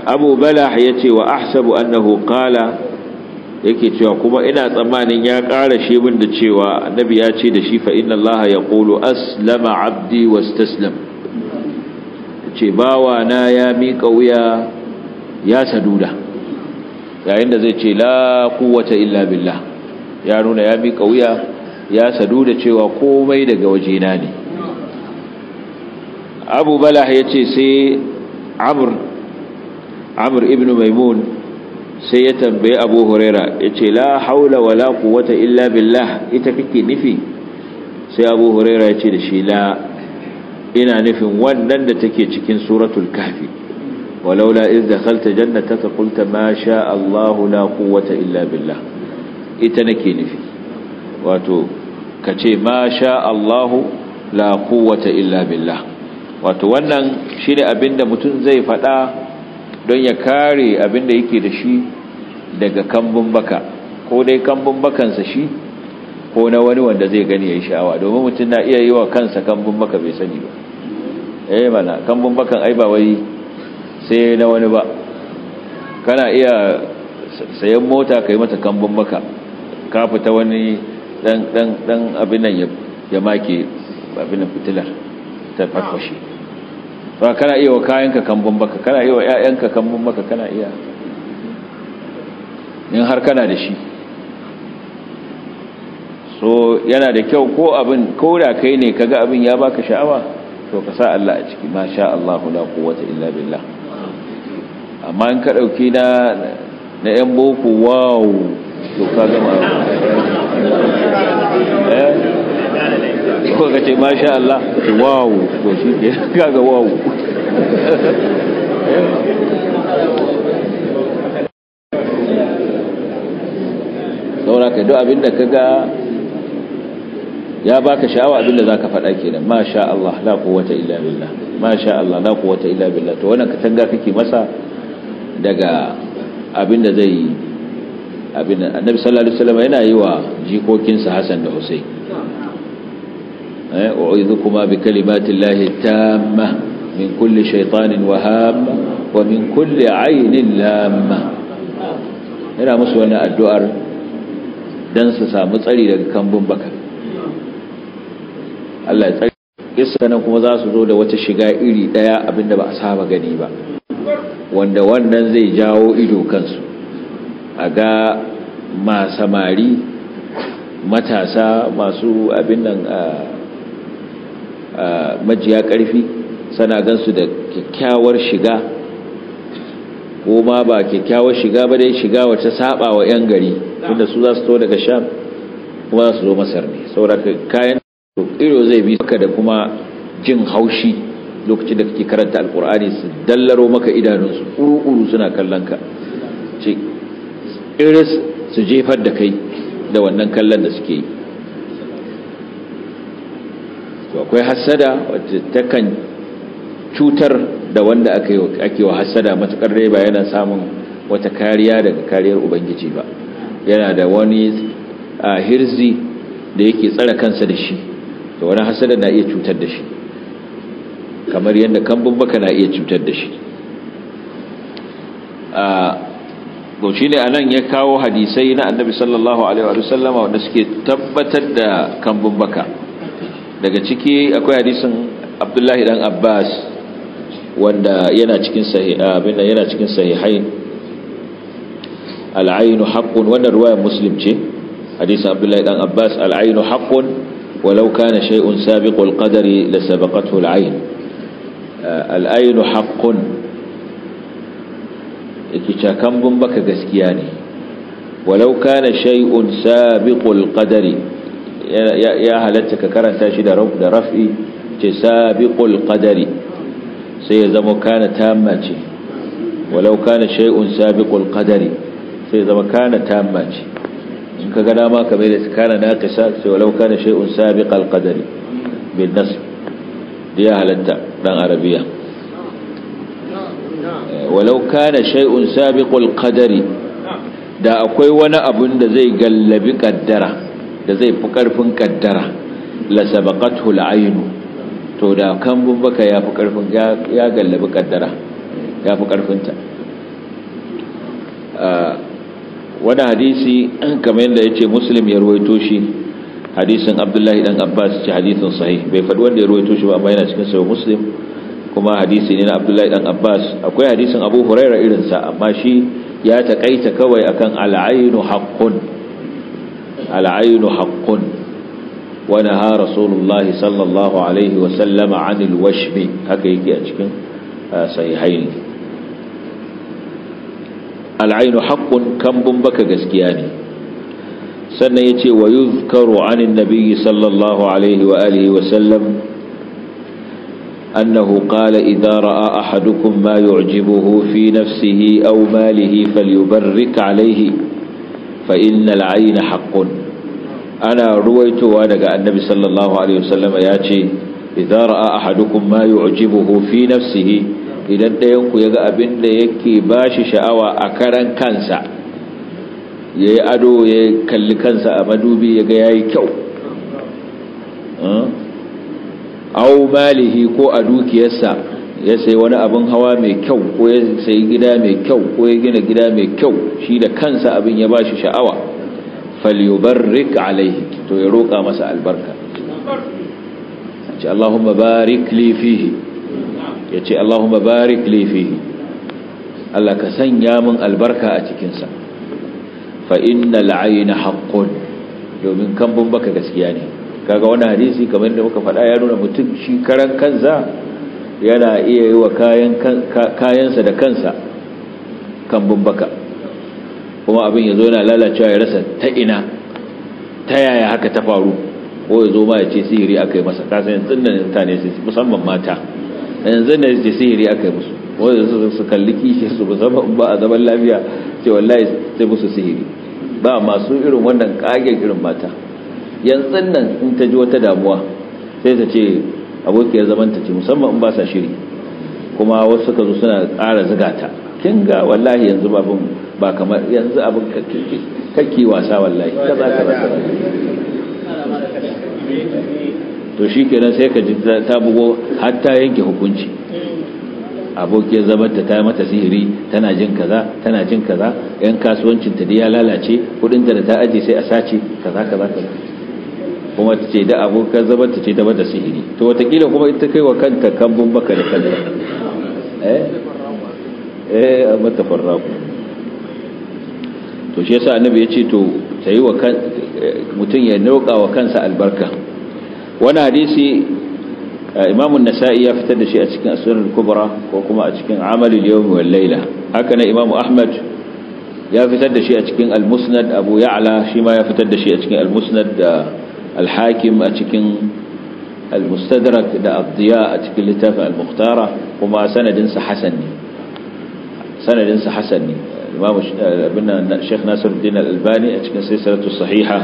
Abu Balah ya ce wa ahsabu annahu kala yake cewa kuma ina tsammanin ya ƙara shi min da cewa annabi ya ce da shi fa inna Allah ya qulu aslama abdi wastaslam ce bawa na ya miƙa wuya ya saduda yayin da zai ce la quwwata illa billah ya nuna ya miƙa wuya ya sadu da cewa komai daga wajena ne abu balah ya ce sai amur amur ibn maimun sai ya tambaye abu huraira ya ce la haula wa la quwwata illa billah ita kake nufi sai abu huraira ya ce da shi la ina nufin wannan da take cikin suratul kafi walaula iz dakhalta jannataka qulta ma sha Allah la quwwata illa billah ita nake nufi wato ka ce ma sha Allahu la quwwata illa billah wato wannan shine abinda mutum zai faɗa don ya kare abinda yake da shi daga kambun baka ko dai kambun bakansa shi ko na wani wanda zai gani yi sha'awa domin mutum na iya yi wa kansa kambun baka bai sani ba eh mana kambun bakan ai ba wai sai na wani ba kana iya sayan mota kai mata kambun baka ka fita wani dan dan dan abin nan ya make abin nan fitilar ta farfashe to kana iya wa kayanka kambun baka kana iya wa ƴaƴanka kambun baka kana iya in har kana da shi so yana da kyau ko abin ko da kai ne kaga abin ya baka sha'awa to ka sa Allah a ciki ma sha Allah la quwwata illa billah amma in ka dauki na na yan boko wow to ka gama eh ko ka ce masha Allah wow to shi ke kaga wow saura ka duk abinda ka ga ya baka sha'awa abinda za ka faɗa kenan masha Allah la quwwata illa billah masha Allah la quwwata illa billah to wannan ka katanga kake masa daga abinda zai abin annabi sallallahu alaihi wasallam yana yi wa jikokinsa Hassan da Hussein eh kuma bi kalimatillahi tamma min kulli shaytanin wahab wa min kulli aynin lamma yana musu wannan addu'ar dan su samu tsari daga kambun baka Allah ya tsare kissa nan kuma za su zo da wata shiga iri daya abinda ba a saba gani ba wanda wannan zai jawo ido kansu a ga masamari matasa masu abin nan a majiya ƙarfi sana gansu da kyakkyawar shiga ko ma ba kyakkyawar shiga ba dai shiga wata saba wa 'yan gari tunda su za su to daga sham kuma za su zo masar ne sauraka kayan iro zai bi maka da kuma jin haushi lokacin da kake karanta alkur'ani su dallaro maka idanunsu uru-uru suna kallon ka iris su jefar da kai da wannan kallon da suke yi akwai hasada wacce takan cutar da wanda ake wa hasada matukar rai ba yana samun wata kariya daga kariyar ubangiji ba yana da wani a hirzi da yake tsara kansa da shi to wani hasada na iya cutar da shi kamar yadda kambun baka na iya cutar da shi to shine anan ya kawo hadisai na annabi sallallahu alaihi wa sallama wanda suke tabbatar da kambun baka daga ciki akwai hadisin abdullahi dan abbas wanda yana cikin sahih abinda yana cikin sahihain al-ayn haqqun wannan riwayar muslim ce hadisin abdullahi dan abbas al-ayn haqqun walau kana shay'un sabiqul qadari la sabaqathu al-ayn al haqqun yake cakan baka gaskiya ne walau kana shay'un sabiqul qadari ya halatta ka karanta shi da raf'i ce sabiqul qadari sai ya zama kana tamma ce walau kana shay'un sabiqul qadari sai ya zama kana tamma ce in ka ga dama ka da kana naqisa sai walau kana shay'un sabiqal qadari bin nasb ya halatta dan arabiya walau kana shay'un sabiqul qadari da akwai wani abun da zai gallabi kaddara da zai fi karfin kaddara la sabaqathu al'ayn to da kan baka ya fi karfin ya gallabi kaddara ya fi karfin ta ah, wani hadisi kamar yadda yace muslim ya ruwaito shi hadisin abdullahi dan abbas ce hadisin sahih bai faɗi wanda ya ruwaito shi ba amma yana cikin sahih muslim kuma hadisi ne na abdullahi dan abbas akwai hadisin abu huraira irinsa amma shi ya taƙaita kawai akan al'ainu haqqun al'ainu haqqun wa naha rasulullahi sallallahu alaihi wa sallama anil washmi haka yake a cikin uh, sahihain al'ainu haqqun kan Bumbaka gaskiya ne sannan yace wa yuzkaru anin nabiyyi sallallahu alaihi wa alihi wa sallam أنه قال إذا رأى أحدكم ما يعجبه في نفسه أو ماله فليبرك عليه فإن العين حق أنا رويت وأنا النبي صلى الله عليه وسلم ياتي إذا رأى أحدكم ما يعجبه في نفسه idan ɗayanku ya ga abin da yake ba shi sha'awa a karan kansa ya yi ado ya kalli kansa a madubi ya ga ya yi kyau au malihi ko a dukiyarsa ya sayi wani abin hawa mai kyau ko ya sai gida mai kyau ko ya gina gida mai kyau shi da kansa abin ya bashi sha'awa falyubarrik alaihi to ya roƙa masa albarka ce Allahumma barik li fihi ya ce Allahumma barik li fihi Allah ka sanya min albarka a cikinsa fa innal ayna haqqun domin kambun baka gaskiya ne kaga wani hadisi kamar da muka faɗa ya nuna mutum shi karan kansa yana iya yi wa kayansa da kansa kan bumbaka kuma abin ya zo yana lalacewa ya rasa ta ina ta yaya haka ta faru ko ya zo ma ya ce sihiri aka yi masa kasa yanzu da mutane musamman mata yanzu da ce sihiri aka yi musu wanda su kalli kishi su musamman ba a zaman lafiya ce wallahi sai musu sihiri ba masu irin wannan kagen irin mata yanzu nan in ta ji wata damuwa sai ta ce abokiyar zaman ta ce musamman in ba sa shiri kuma wasu suka zo suna ƙara ziga ta kin ga wallahi yanzu babin ba kamar yanzu abin kakki wasa wallahi za ka rasa to shi kenan sai ka ji ta bugo har ta yanke hukunci abokiyar zabarta ta mata sihiri tana jin kaza tana jin kaza yan kasuwancin ta da ya lalace kudin da ta aje sai a sace kaza kaza kaza kuma ta ce da abokan zama ta ce da da sihiri to watakila kuma ita kai wa kanta kambun baka da kanta eh eh a mata farraku to shi yasa annabi ya ce to ta yi wa mutum ya nauka wa kansa albarka wani hadisi imamun nasa'i ya fitar da shi a cikin asirin kubra ko kuma a cikin amalin yawon wal laila haka na imamu ahmad ya fitar da shi a cikin almusnad abu ya'la shi ma ya fitar da shi a cikin almusnad. musnad da al-hakim a cikin al da abdiya a cikin littafin al kuma sanadinsa hasan ne sanadinsa hasan albani a cikin silsilatu sahiha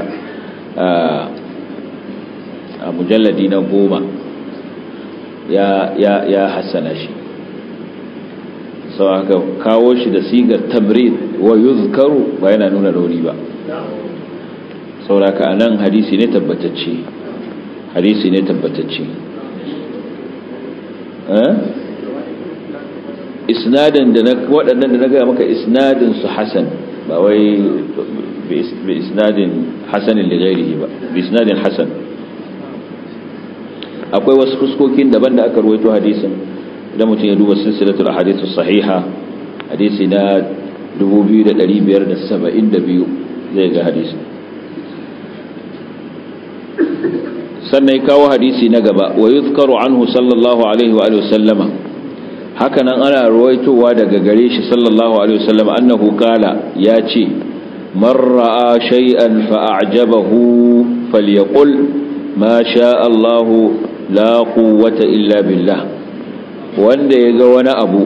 a mujalladi na goma ya ya ya hasana shi sau kawo shi da sigar tamrid wa yuzkaru ba yana nuna rauni ba sauraka a nan hadisi ne tabbatacce hadisi ne tabbatacce eh? isnadin da na waɗannan da na gaya maka isnadin su hasan ba wai bi isnadin hasanin da gairihi ba bi isnadin hasan akwai wasu fuskokin daban da aka ruwaito hadisin idan mutum ya duba silsilatul hadisu sahiha hadisi na 2572 zai ga hadisin sannan ya kawo hadisi na gaba wa yuzkaru anhu sallallahu alaihi wa sallama ana ruwaitowa daga gare shi sallallahu alaihi wa sallama annahu kala ya ce man ra'a shay'an fa a'jabahu falyaqul ma sha allahu laku wata illa billah wanda yaga wani abu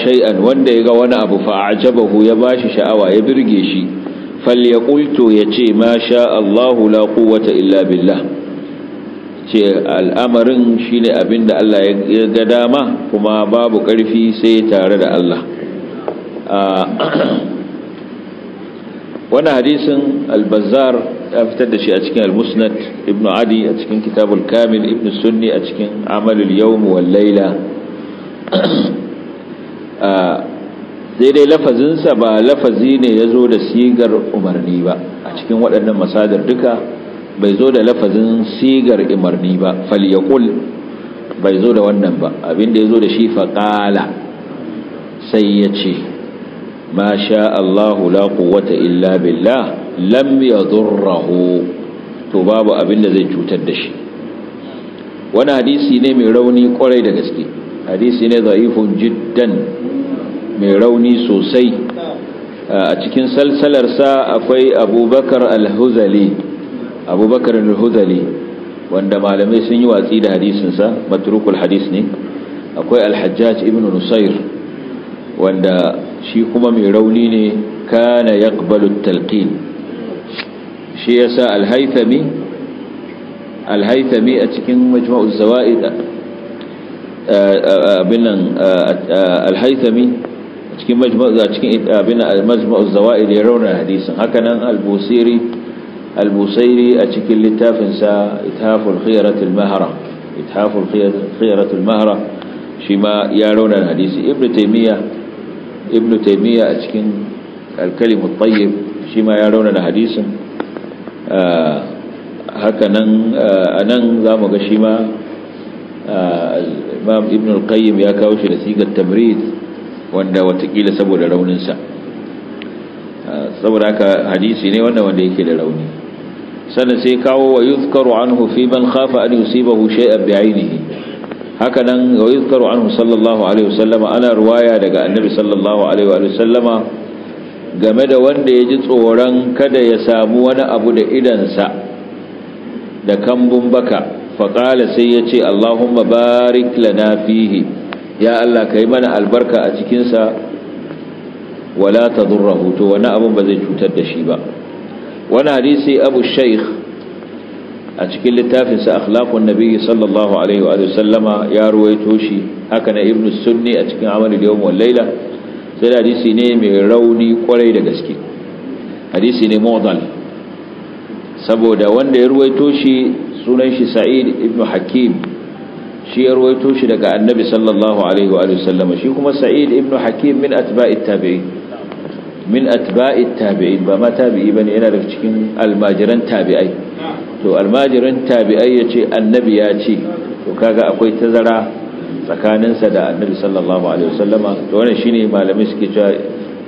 shay'an wanda wani abu fa a'jabahu ya bashi sha'awa ya birge shi falyaqul ya ce ma sha Allahu la quwwata illa billah ce al'amarin shine abinda Allah ya ga dama kuma babu ƙarfi sai tare da Allah wani hadisin albazar bazzar ya fitar da shi a cikin al-musnad ibn adi a cikin kitabul kamil ibn sunni a cikin amalul yawm wal layla sai dai lafazinsa ba lafazi ne ya zo da sigar umarni ba a cikin waɗannan masadar duka bai zo da lafazin sigar umarni ba falyakul bai zo da wannan ba abinda ya zo da shi faƙala sai ya ce ma sha Allahu la wata illa billah lam zurrahu. to babu abinda zai cutar da shi wani hadisi ne mai rauni kwarai da gaske hadisi ne za'ifun jiddan mai rauni sosai a cikin salsalarsa akwai abubakar al-huzali abubakar al-huzali wanda malamai sun yi watsi da hadisinsa matrukul hadis ne akwai al-hajjaj ibn nusair wanda shi kuma mai rauni ne kana yaqbalu talqin shi yasa al-haythami al-haythami a cikin majma'uz zawaid abin nan al-haythami cikin majma' cikin abin al-majma' az ya rauna hadisin haka nan al a cikin littafinsa Itaful ithaful khiyarat al-mahra ithaful khiyarat al-mahra shi ma ya rauna hadisi Ibn taymiya a cikin al-kalim at shi ma ya rauna hadisin haka nan anan zamu ga shi ma imam ibn al-qayyim ya kawo shi da sigar tamrid wanda watakila saboda rauninsa ah, saboda haka hadisi ne wanda wanda yake da rauni sannan sai kawo wa yuzkaru anhu fi man khafa an yusibahu shay'an bi'ainihi haka nan wa yuzkaru anhu sallallahu alaihi wasallama ana ruwaya daga annabi sallallahu alaihi wasallama game da wanda ya ji tsoron kada ya samu wani abu da idansa da kambun baka faƙala sai ya ce allahumma barik lana fihi ya Allah ka yi mana albarka a cikinsa wala ta durra hoto wani abin ba zai cutar da shi ba wani hadisi abu shaikh a cikin littafinsa akhlaqun Nabiyyu sallallahu alaihi wa sallama ya ruwaito shi haka na ibnu sunni a cikin amalul da yawon laila sai hadisi ne mai rauni kwarai da gaske hadisi ne mawdal saboda wanda ya ruwaito shi sunan shi sa'id ibnu hakim shi ya rawaito shi daga annabi sallallahu alaihi wa sallama shi kuma sa'id ibn hakim min atba'it tabi'in min atba'it tabi'in ba ma tabi'i bane yana daga cikin almajiran tabi'ai to almajiran tabi'ai yace annabi ya ce to kaga akwai tazara tsakaninsa da annabi sallallahu alaihi wa sallama to wannan shine malamai suke cewa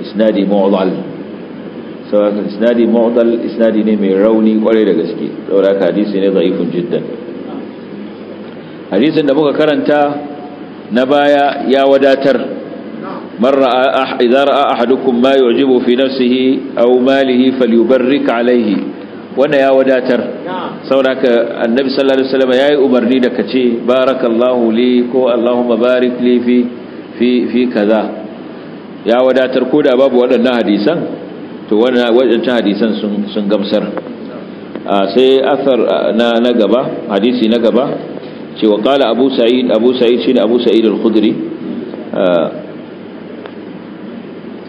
isnadi mu'dal saboda isnadi mu'dal isnadi ne mai rauni kwarai da gaske saboda hadisi ne da'ifun jiddan hadisin da muka karanta na baya ya wadatar marra ah, idza ra'a ahadukum ma yujibu fi nafsihi aw malihi falyubarrik alayhi wannan ya wadatar annabi sallallahu alaihi wasallam yayi umarni da kace barakallahu li ko allahumma barik li fi fi fi kaza ya wadatar ko da babu wadannan hadisan to wannan hadisan sun gamsar ah, sai athar ah, na gaba hadisi na gaba ce wa qala abu sa'id abu sa'id shine abu sa'id al-khudri uh,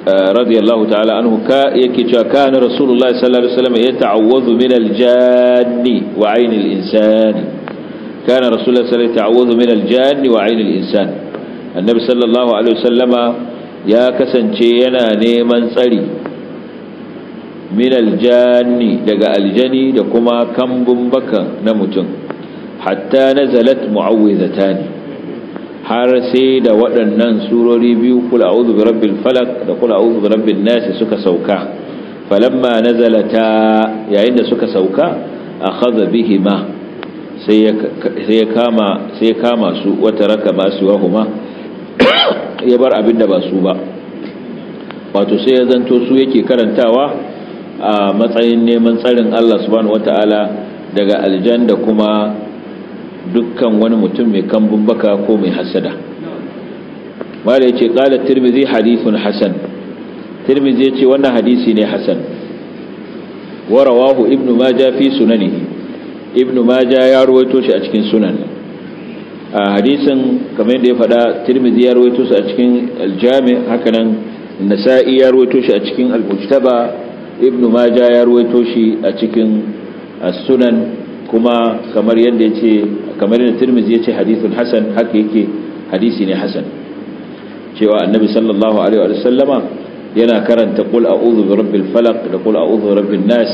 uh, radiyallahu ta'ala anhu ka yake cewa kana rasulullahi sallallahu alaihi wasallam yata'awwadhu min al-janni wa 'ayn al-insan kana rasulullahi sallallahu alaihi wasallam min al-janni wa 'ayn al-insan annabi sallallahu alaihi wasallama ya kasance yana neman tsari min al-janni daga aljani da kuma kambun baka na mutum hatta nazalat mu'awwizatani har sai da waɗannan surori biyu kul a'udhu birabbil falaq da kul a'udhu birabbin nas suka sauka falamma nazalata yayin da suka sauka akhadha bihima sai ya kama sai ya kama su wata raka ma su wahuma ya bar abin da ba su ba wato sai ya zanto su yake karantawa a matsayin neman tsarin Allah subhanahu wataala daga aljan kuma dukkan wani mutum mai kambun baka ko mai hasada mala yace qala tirmidhi hadithun hasan ya yace wannan hadisi ne hasan wa rawahu ibnu majah fi sunani ibnu majah ya ruwaito shi a cikin sunan a hadisin kamar yadda ya faɗa Tirmizi ya ruwaito shi a cikin aljami hakanan nasa'i ya ruwaito shi a cikin al-mujtaba ibnu majah ya ruwaito shi a cikin as-sunan kuma kamar yadda ce, kamar yadda Tirmidhi ce hadithun hasan haka yake hadisi ne hasan cewa annabi sallallahu alaihi wa sallama yana karanta qul a'udhu bi rabbil falaq da qul a'udhu bi rabbin nas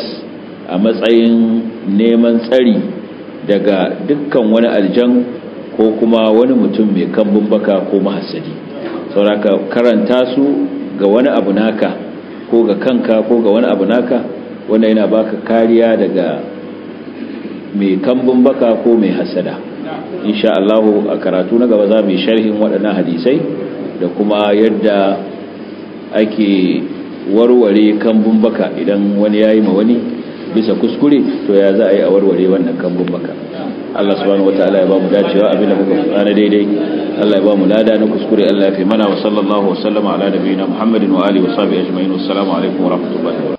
a matsayin neman tsari daga dukkan wani aljan ko kuma wani mutum mai kambun baka ko mahassadi sauraka karanta su ga wani abu naka ko ga kanka ko ga wani abu naka wanda yana baka kariya daga mai kambun baka ko mai hasada insha Allah a karatu na gaba za mu yi sharhin waɗannan hadisai da kuma yadda ake warware kambun baka idan wani yayi ma wani bisa kuskure to ya za a yi a warware wannan kambun baka Allah subhanahu wataala ya ba mu dacewa abinda muka tsara daidai Allah ya ba mu lada na kuskure Allah ya fi mana wa sallallahu wa sallama ala nabiyina Muhammadin wa alihi wa sahbihi ajma'in assalamu alaikum wa rahmatullahi